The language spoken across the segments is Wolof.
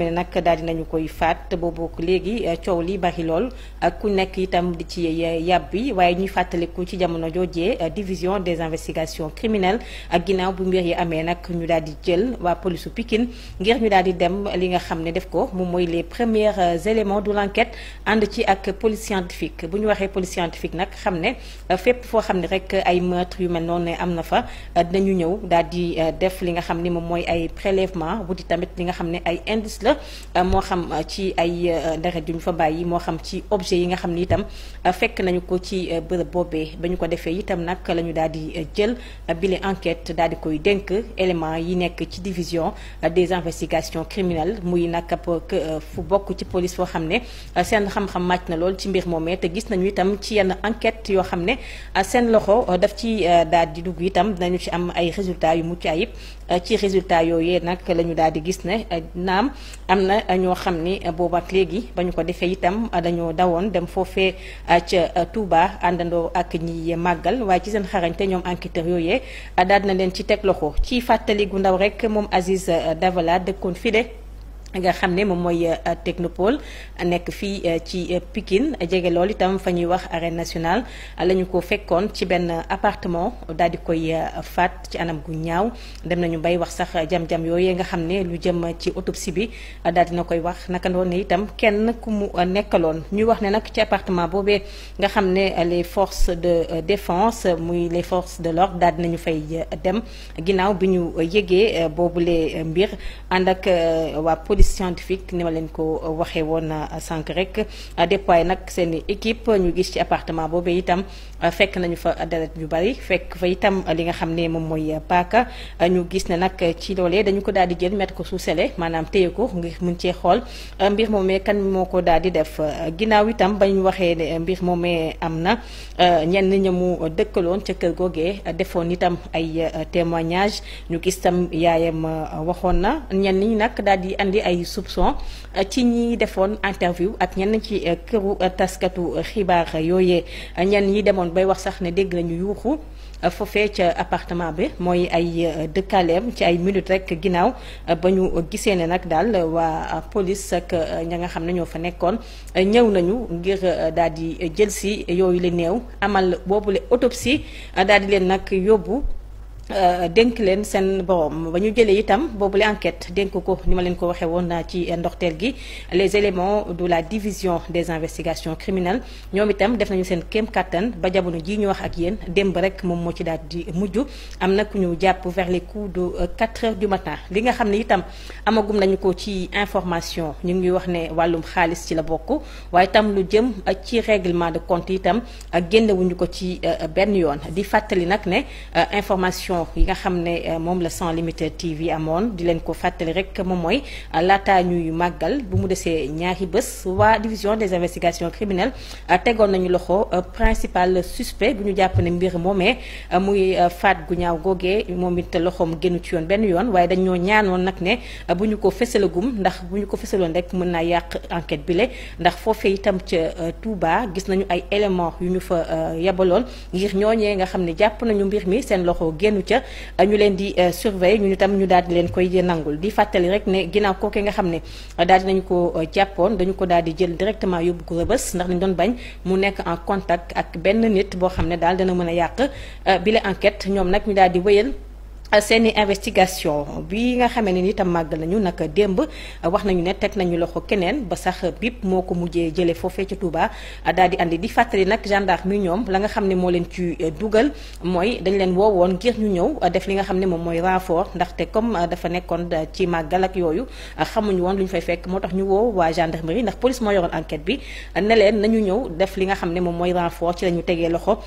xam nak nag daal dinañu koy faat te boobu léegi eh, ciow li bari lol ak eh, ku nekk itam di ci eh, waye ñu ñuy fàttaliku ci jamono jojé division des investigations criminelles ak ginaaw bu mbir yi amé nak ñu daal di jël wa police Pikine ngir ñu daal di dem li nga xamné def ko moom moy les premiers éléments de l'enquête and ci ak police scientifique bu ñu waxee police scientifique nak xamné ne fo xamné rek ay meurtre yu mel non am na fa dañu ñëw daal di def li nga xamné mom moy mooy ay prélèvement wuti tamit li nga xamné ay indices la euh, moo xam euh, ci ay euh, deret yu fa bayyi mo xam ci objet yi nga xam ni itam fekk nañu ko ci bërëb boobee ba ko défé itam nak lañu daldi jël enquête daldi koy dénk élément yi nekk ci division des investigations criminelles muy nag fu bokku ci police fo xamné ne xam-xam match na lol ci mbir momé te gis nañu itam ci yenn enquête yo xamné ne loxo daf ci daldi di dugg itam dañu ci am ay résultats yu mucc ayib ci résultat yooyee nag la ñu daal di gis ne euh, naam am na ñoo xam ni euh, boobaak léegi ba ñu ko defee itam euh, dañoo dawoon dem foofee ca Touba àndandoo ak ñi màggal waaye ci seen xarañte ñoom enquêteurs yooyee daad na leen ci teg loxo ci fàttali gu ndaw rek moom Aziz Davala dëkkoon fi de nga à mom moy technopole un euh, ci euh, Pikine wax nationale ko appartement di koy euh, bay wax jam-jam nga lu jëm ci autopsie bi wax les forces de défense muy les forces de l'ordre nañu mbir scientifique ni ma leen ko euh, waxé won euh, sank rek euh, déployé nak seen équipe ñu gis ci appartement bobé itam fekk nañu fa deret yu bari fekk fa itam li nga xamné mom moy paka ñu gis né nak ci lolé dañu ko daldi jël mettre ko sous scellé manam téyé ko ngir mën ci xol mbir momé kan moko daldi def ginaaw itam bañ waxé né mbir momé amna na ñenn ña mu kër gogé itam ay témoignage ñu gis tam yaayam waxon na ñen ñi nak daldi andi ay soupçons euh, ci ñi defoon interview ak ñen ci euh, këru euh, taskatu xibaar yooyee ñenn ñi demoon bay wax sax ne dégg nañu yuuxu ca appartement bi mooy ay dëkkaleem ci ay minute rek ginnaaw ba ñu gisee ne nag daal waa police ak ña nga xam ne ñoo fa nekkoon ñëw nañu ngir daal di jël si yooyu le néew amal boobule autopsie daal di leen nag euh, dénk leen seen borom ba ñu jëlee itam boobule enquête dénk ko ni ma leen ko waxee woon ci ndoxteel gi les éléments de la division des investigations criminelles ñoom itam def nañu seen kéem kattan ba jabonu ji ñu wax ak yéen démb rek moom moo ci daal di mujj am na ku ñu jàpp vers les coups de 4 euh, heures du matin li nga xam ne itam amagum nañu ko ci information ñu ngi wax ne wàllum xaalis ci la bokk waaye itam lu jëm euh, ci règlement de compte itam génnewuñu ko ci benn yoon di fàttali nag ne information émission yi nga xamné mom euh, moom la sans limite TV amone di len ko fatale rek moom mooy euh, laataa yu magal bu mu desee ñaari bés wa division des investigations criminelles euh, tégon nañu loxo principal suspect bu ñu jàpp ne mbir momé muy fat guñaw gogé momit loxom gënu ci yoon ben yoon waaye dañ ñoo nag nak né buñu ko fësalagum ndax buñu ko fësaloon rek mën naa enquête bi le ndax fofé itam ci Touba gis nañu ay éléments yu ñu fa yebaloon ngir ñoñé nga xamné japp nañu mbir mi seen loxo génnu ca ñu leen di euh, surveiller ñu itam ñu daal di leen koy nangul di fàttali rek ne ginnaaw kooke nga xam ne daal di nañu ko euh, jàppoon dañu ko daal di jël directement yóbbu ko rëbës ndax dañu doon bañ mu nekk en contact ak benn nit boo xam ne daal dina mën a yàq euh, bile enquête ñoom nag ñu daal di wëyal Euh, seeni investigation bi nga xamee ne ni itam màgg nañu nag démb euh, wax nañu ne teg nañu loxo keneen ba sax bip moo ko mujjee jëlee foofee ca Touba euh, daal di indi di fàttali nag gendarme mi ñoom la nga xam ne moo leen ci dugal mooy dañ leen woowoon ngir ñu ñëw def li nga xam ne moom mooy renfort ndaxte comme dafa nekkoon ci màggal ak yooyu xamuñu woon lu ñu fay fekk moo tax ñu woo waa gendarmerie ndax police moo yoroon enquête bi ne leen nañu ñëw def li nga xam ne moom mooy renfort ci la ñu tegee loxo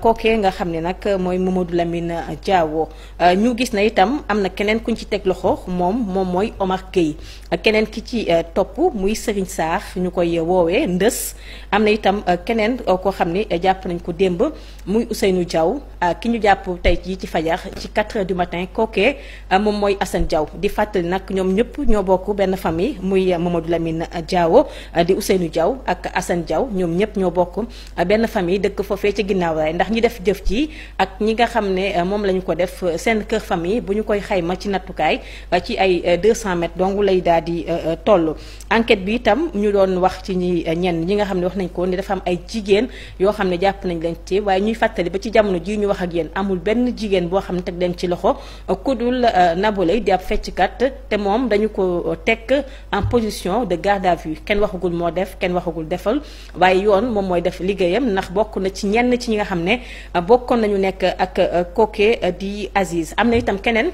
kookee nga xam ne nag mooy Mamadou Lamine Diawo ñu gis na itam am na keneen ku ñu ci teg loxo moom moom mooy Omar Gueye keneen ki ci euh, topp muy Serigne Sarr ñu koy woowee Ndës am na itam euh, keneen euh, koo xam ni jàpp nañ ko démb muy Ousseynou Diaw ki ñu jàpp tey jii ci fajar ci 4 heures du matin kookee moom mooy Assane Diaw di fàttali nag ñoom ñëpp ñoo bokk benn famille muy Mamadou Lamine Diawo di Ousseynou Diaw ak Assane jaw ñoom ñëpp ñoo bokk benn famille dëkk foofee ci ginnaaw raay ndax ñi def jëf ji ak ñi nga xam ne moom kër famille buñ koy xayma ci nattukaay ci ay 200 euh, mètres dong lay daal di euh, euh, toll enquête bi tam ñu doon wax ci ñi ñenn ñi nga xam wax nañ ko ni dafa am ay jigen yo xam japp nañ leen ci waye ñuy fatali ba ci jamono ji ñu wax ak yeen amul benn jigen bo xam ne teg ci loxo kudul Nabou Leye di ab fecckat te mom dañu ko tek en position de garde à vue ken waxagul mo def ken waxagul defal waye yoon mom moy def ligeyam ndax bokku na ci ñenn ci nga xam bokkon nañu nek ak kooke di Aziz am am na itam keneen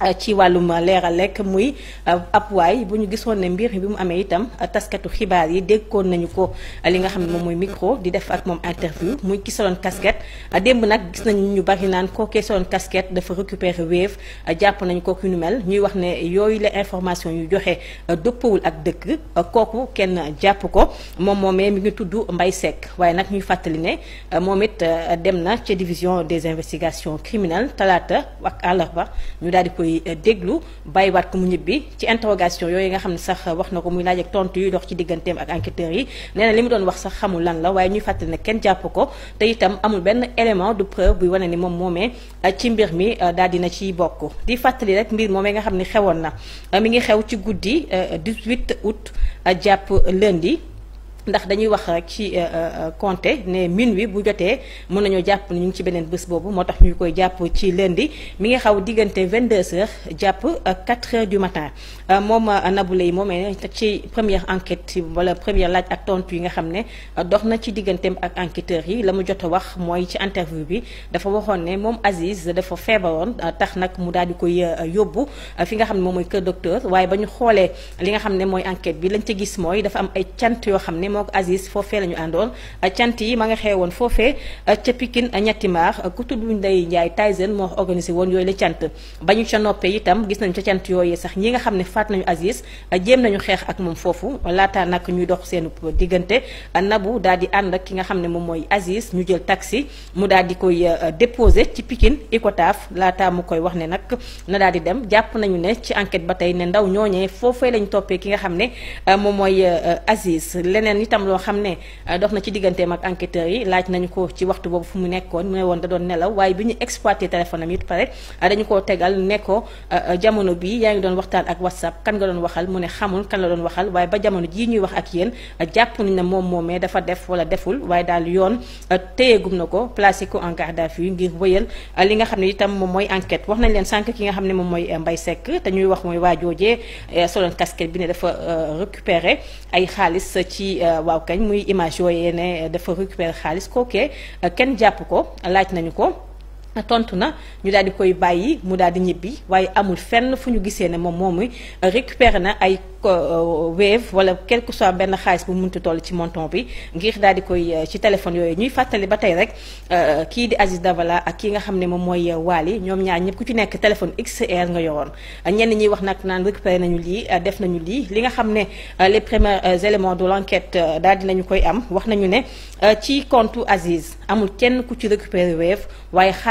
Euh, ci walum leeral lekk muy euh, ab waay bu ñu mbir bi mu amé itam euh, taskatu xibaar yi déggoon nañu ko li nga xamné mom moy micro di def ak mom interview muy ki casquette démb nak gis nañu ñu bari nan ko kessone casquette dafa récupérer wave. japp nañu kooku ñu mel ñuy wax né yooyu information yu joxé dëppawul ak dëkk koku kenn japp ko mom momé mi ngi tuddu Mbaye Seck waaye nak ñuy fatali né momit dem na ci division des investigations criminelles Talata ak alarba ñu daal di koy déglu bàyyiwaat ko mu ñibbi ci interrogation yoy nga xamni sax wax muy laaj ak tontu yu dox ci digantem ak enquêteur yi na wax sax xamu lan la waye ñuy ne kenn ko te itam amul ben élément de preuve bu wane ni mom momé euh, ci mbir mi euh, daal dina ci bokku di fatali rek mbir nga 18 euh, août lundi ndax dañuy wax ci euh, euh, Conté né minuit bu jotee mën nañoo japp ni ñu ngi ci benen bëss bobu motax ñu koy japp ci lundi mi ngi xaw digënté 22h japp 4h du matin mom nabulay momé ci première enquête wala première laaj ak tontu yi nga xamné ne euh, dox na ci digganteem ak enquêteur yi lamu mu wax moy ci interview bi dafa waxoon ne moom Aziz dafa feebaroon tax nak mu dal di koy yobbu fi nga xamné ne moom docteur waye bañu xolé li nga xamné moy enquête bi lañ ci gis moy dafa am ay tiant yo xamné mook Aziz foofee la ñu àndoon cant yi ma nga xewoon foofee uh, ca Pikine uh, ñetti maar uh, ku tudd Ndeye Ndiaye moo organisé woon la cant ba ñu ca noppee itam gis nañu ca cant yooyee sax ne faat nañu Aziz jéem nañu xeex ak moom foofu laata nag ñuy dox seen diggante Nabou daal di ànd ak ki nga xam ne moom mooy Aziz ñu jël taxi mu daal di koy déposé ci Pikine Icotaf laata mu koy wax ki nga xam mooy Aziz leneen leneen itam loo xam ne euh, dox na ci digganteem ak enquêteurs yi laaj nañu ko ci waxtu boobu fu mu nekkoon mu ne woon da doon nelaw waaye bi ñu exploité téléphone am pare euh, dañu koo tegal ne ko euh, jamono bi yaa ngi doon waxtaan ak whatsapp kan nga doon waxal mu ne xamul kan la doon waxal waaye ba jamono jii ñuy wax ak yéen jàpp nañ ne moom moomee dafa def wala deful waaye daal yoon téyeegum na ko placé ko en garde à vue ngir wëyal li nga xam ne itam moom mooy enquête wax nañ leen sànq ki nga xam ne moom mooy Mbaye Seck te ñuy wax mooy waajoojee soloon casquette bi ne dafa récupéré ay xaalis waaw kañ muy image yooyee ne eh, dafa récupérer xaalis kookee eh, kenn jàpp ko laaj nañu ko tontu na ñu daldi koy bayyi mu daldi di ñibbi waaye amul fenn fuñu ñu né mom momuy moomu na ay euh, Wave wala quel que soit ben xaliss bu muntu toll ci montant bi ngir daldi koy euh, ci téléphone yooyu ñuy fatali batay rek euh, ki di Aziz Davala ak ki nga xamné mom moy Wali ñom ñaar ñëpp ku ci nekk téléphone XR nga yoroon ñen ñi wax nak naan récupéré nañu li def nañu li li nga xamné les premiers éléments de l'enquête daldi nañu koy am wax nañu né ci compte Aziz amul kenn ku ci récupéré Wave waye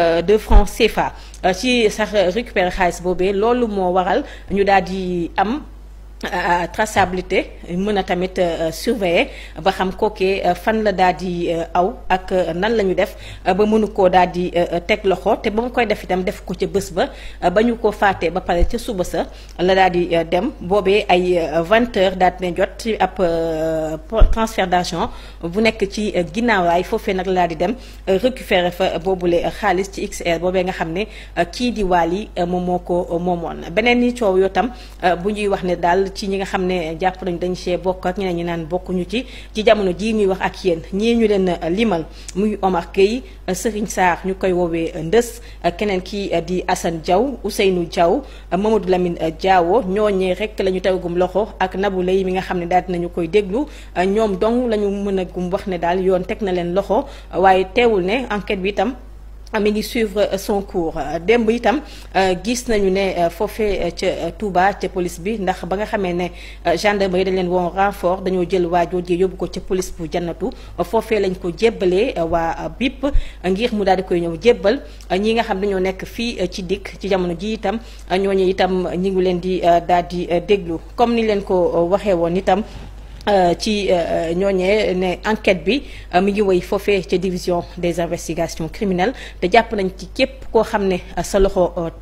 Euh, de francs CFA euh, ci ça récupérer xaalis bobé loolu moo waral ñu nous am traçabilité mën a tamit euh, surveiller ba xam kookee euh, fan la daal di euh, aw ak nan def ba mënu te def itam def ko dem ay 20 heures daal jot transfert d'argent bu nekk ci ginnaawaay foofee nag la daal dem récupérer fa XR nga di tam ci ñi nga xam ne jàpp nañ dañu see bokk ak ñeneen ñi naan bokkuñu ci ci jamono jii ñuy wax ak yéen ñii ñu leen euh, limal muy Omar Gueye euh, Serigne Sarr ñu koy woowee euh, Ndës keneen ki di Assane Diaw Ousseynou Diaw Mamadou Lamine Diawo ñooñee rek lañu ñu tawagum loxo ak Nabou Leye mi nga xam ne daal nañu koy déglu ñoom dong la ñu mën a gum wax ne daal yoon teg na leen loxo waaye teewul ne enquête bi itam ni ah, suivre euh, son cours euh, Dembuitam itam euh, gis nañu ne fofé ci Touba ci police bi ndax ba nga un dañ leen renfort jël police bu jannatu lañ ko Wa BIP ngir mu koy djébal ñi nga xam ci itam itam ñi comme ni leen euh, ci euh, euh, ñooñee né enquête bi mi ngi wëy fofé ci division des investigations criminelles de japp nañ ci képp ko xamné sa loxo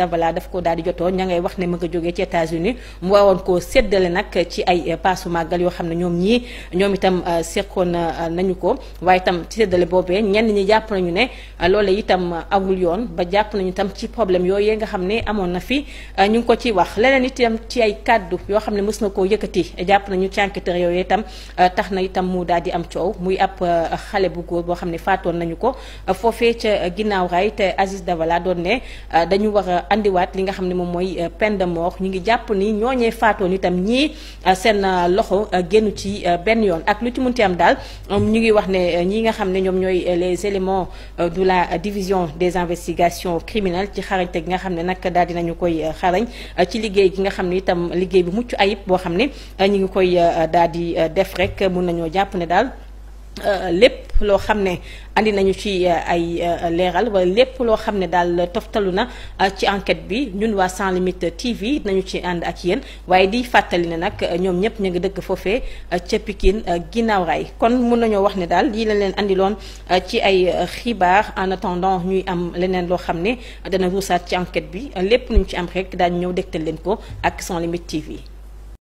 Dabala daf ko daal di jotoon ña ngay wax ne ma nga jógee ci États-Unis mu waawoon koo séddale nag ci ay euh, paasu màggal yoo xam ne ñoom ñi ñoom itam euh, seqoon euh, nañu ko waaye itam ci séddale boobee ñenn ñi jàpp nañu ne loole itam awul yoon ba jàpp nañu itam ci problème yooyu nga xam ne amoon na fi ñu ngi ko ciy wax leneen itam ci ay kàddu yoo xam ne mës na koo yëkkati jàpp nañu ci yooyu itam tax na itam mu daal di am coow muy ab xale bu góor boo xam ne faatoon nañu ko foofee ca ginnaaw raay te Aziz Dabala doon ne dañu war andi wat li nga xam mom moy euh, peine de mort ñi ngi japp ni faato ni tam ñi euh, sen euh, loxo gennu ci ben yoon ak lu ci munti am dal ñi ngi wax né ñi nga xam ñom ñoy les éléments de la division des investigations criminelles ci xarañte gi nga xam nak nag daal dinañu koy xarañ ci liggéey gi nga xam tam itam liggéey bi muccu ayib bo xam ñi ngi koy daal di def rek mun nañoo jàpp ne daal Euh, lépp loo xam ne andi nañu ci euh, ay euh, leeral wala lépp loo xam ne daal toftalu na ci enquête bi ñun waa Sans Limite TV nañu ci ànd ak yéen waaye di fàttali ne nag ñoom ñëpp ñu ngi dëkk foofee ca Pikine ginnaaw raay kon mun nañoo wax ne daal lii lañ leen andiloon ci ay xibaar en attendant ñuy am leneen loo xam ne dana ruusaat ci enquête bi lépp lu ci am rek daañu ñëw dégtal leen ko ak Sans Limite TV.